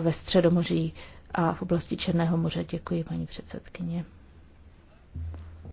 ve Středomoří a v oblasti Černého moře. Děkuji, paní předsedkyně.